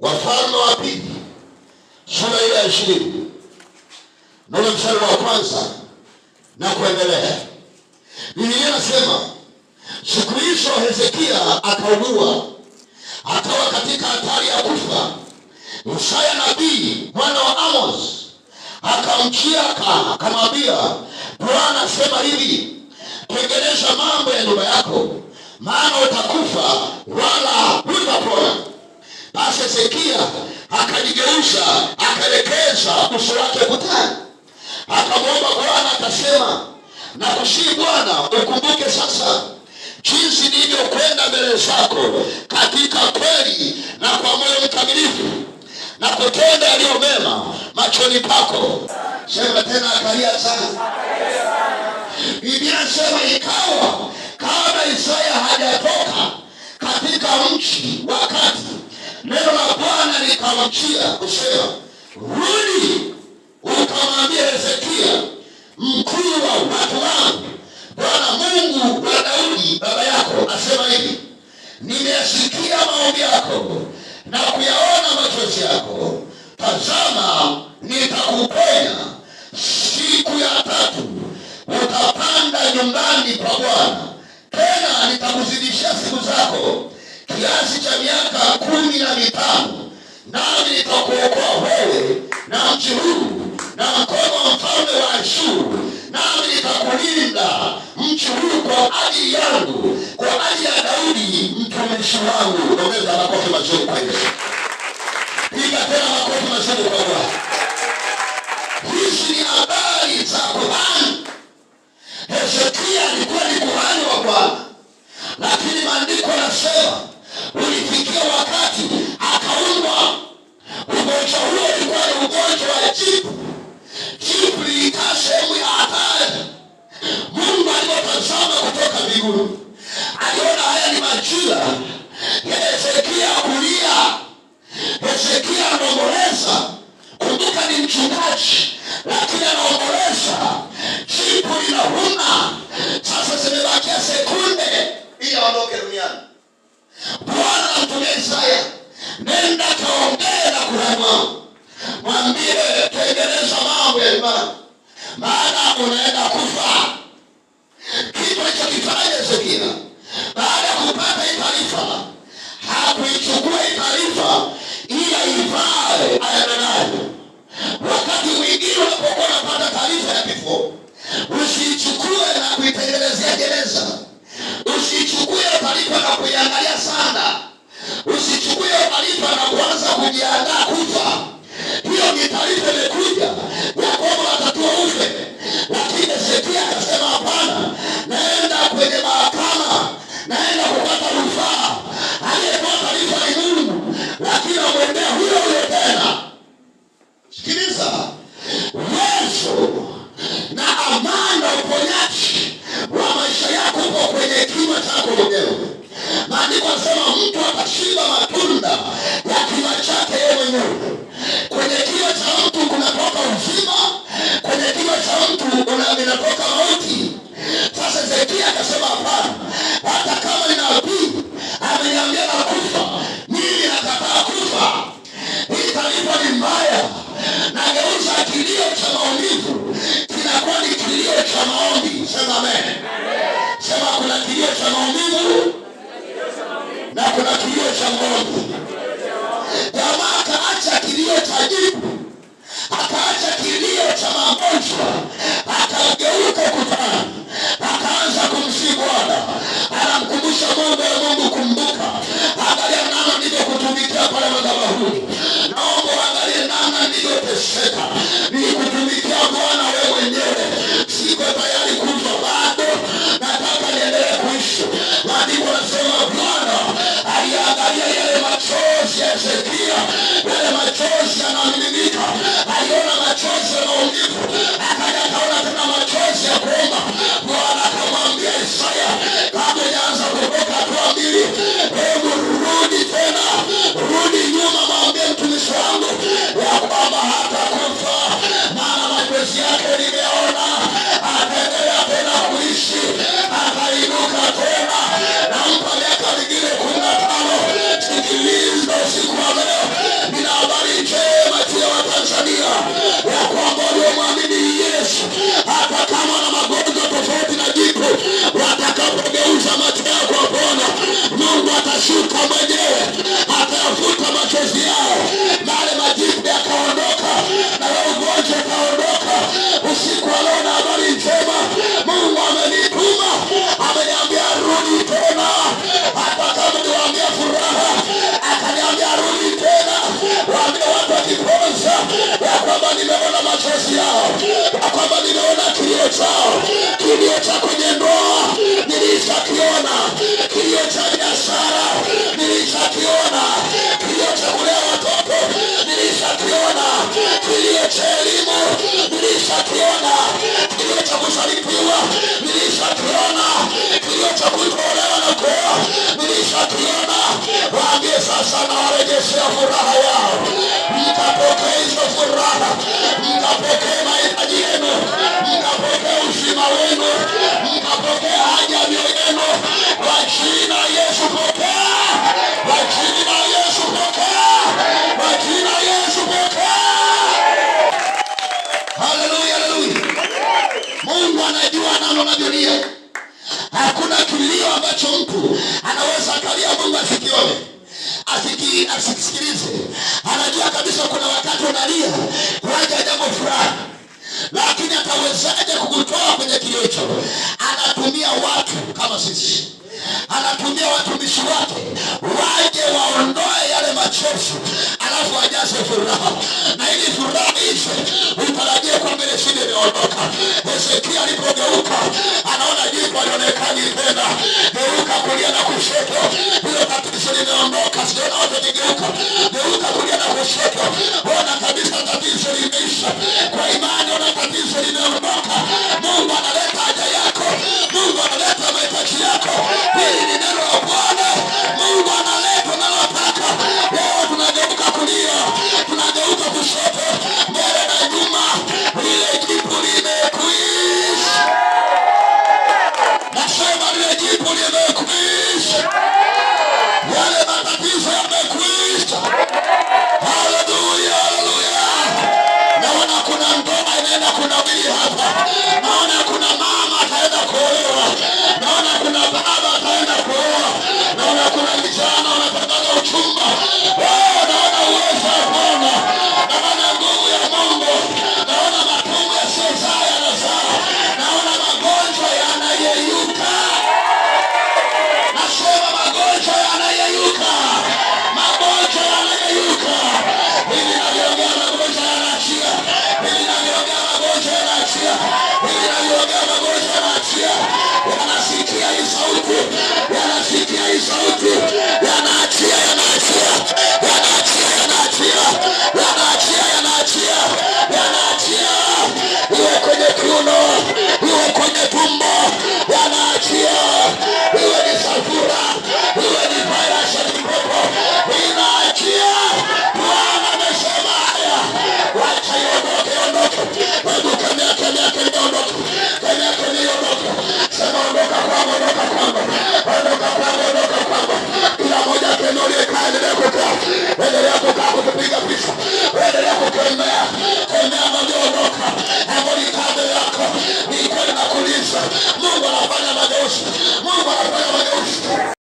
Wafalme wa Pili sura ile ya ishirini na ule mstari wa kwanza na kuendelea, Biblia inasema siku hizo Hezekia akaugua, akawa katika hatari ya kufa. Isaya nabii mwana wa Amos akamjia akamwambia, Bwana sema hivi, tengeneza mambo ya nyumba yako, maana utakufa wala hutapona basi Hezekia akaelekeza uso wake kutani, akamwomba Bwana akasema, na kusii Bwana ukumbuke sasa jinsi nilivyokwenda mbele zako katika kweli na kwa moyo mkamilifu na kutenda yaliyomema machoni pako. Sema tena, akalia sana. bibia sema ikawa kabla Isaya hajatoka katika mchi wakati neno la Bwana likamjia kusema, rudi ukamwambia Hezekia mkuu wa watu wangu, Bwana Mungu wa Daudi baba yako asema hivi, nimeyasikia maombi yako na kuyaona machozi yako. Tazama, nitakuponya siku ya tatu, utapanda nyumbani kwa Bwana, tena nitakuzidishia siku zako kiasi cha miaka kumi na mitano, nami nitakuokoa wewe na mji huu na mkono wa mfalme wa Ashuru, nami nitakulinda mji huu kwa ajili yangu, kwa ajili ya Daudi mtumishi wangu. ulifikia wakati akaumwa. Ugonjwa huo ulikuwa ni ugonjwa wa jipu. Jipu lilikaa sehemu ya hatari. Mungu alipotazama kutoka mbinguni, aliona haya ni majira ya Hezekia kulia mema, mwambie tengeneza mambo ya imani, maana unaenda kufa. Kitu alichokifanya Hezekia baada ya kupata hii taarifa, hakuichukua hii taarifa, ila ivae aendenayo wakati wa maisha yako uko kwenye kinywa chako mwenyewe maandiko anasema mtu atashiba matunda ya kinywa chake yeye mwenyewe kwenye kinywa cha mtu kunatoka uzima kwenye kinywa cha mtu inatoka mauti cha Mungu. Jamaa akaacha kilio cha jibu, akaacha kilio cha magonjwa, akageuka ukutani, akaanza kumsifu Bwana. Anamkumbusha Mungu, ya Mungu kumbuka, angalia namna nilivyokutumikia pale madhabahuni. Naomba angalie namna nilivyoteseka ya Hezekia, yale machozi yanamiminika. Aliona machozi ya maumivu, akaja akaona tena machozi ya kuomba. Bwana akamwambia Isaya, kabla hujaanza kuondoka hatua mbili, hebu rudi tena, rudi nimeona machozi yao, kwamba nimeona kilio chao, kilio cha kwenye ndoa nilichakiona, kilio cha biashara nilichakiona, kilio cha kulea watoto nilishakiona, kilio cha elimu nilishakiona, kilio cha kusalitiwa nilishakiona, kilio cha kuikolewa na kuoa nilishakiona sasa nawarejeshea furaha yao, mkapokee hizo furaha, mkapokee mahitaji yenu, mkapokee uzima wenu, mkapokee haja mioyenu kwa jina Yesu. Pokea kwa jina Yesu, pokea kwa jina Yesu, pokea. Haleluya, haleluya! Mungu anajua nalo na Hakuna kilio ambacho mtu hii asisikilize. Anajua kabisa kuna wakati unalia waja jambo furaha lakini atawezaje kukutoa kwenye kiliocho? Anatumia watu kama sisi, anatumia watumishi wake waje waondoe yale machozi, alafu wajaze furaha, na ili furaha hizo utarajie kwa mbele shida imeondoka. Hezekia alipogeuka anaona jiko alionekani tena kulia na kushoto, hiyo tatizo limeondoka, siona watu kigeuka, geuka kulia na kushoto, ona kabisa tatizo limeisha kwa imani, ona tatizo lime sauti, wanasikia hii sauti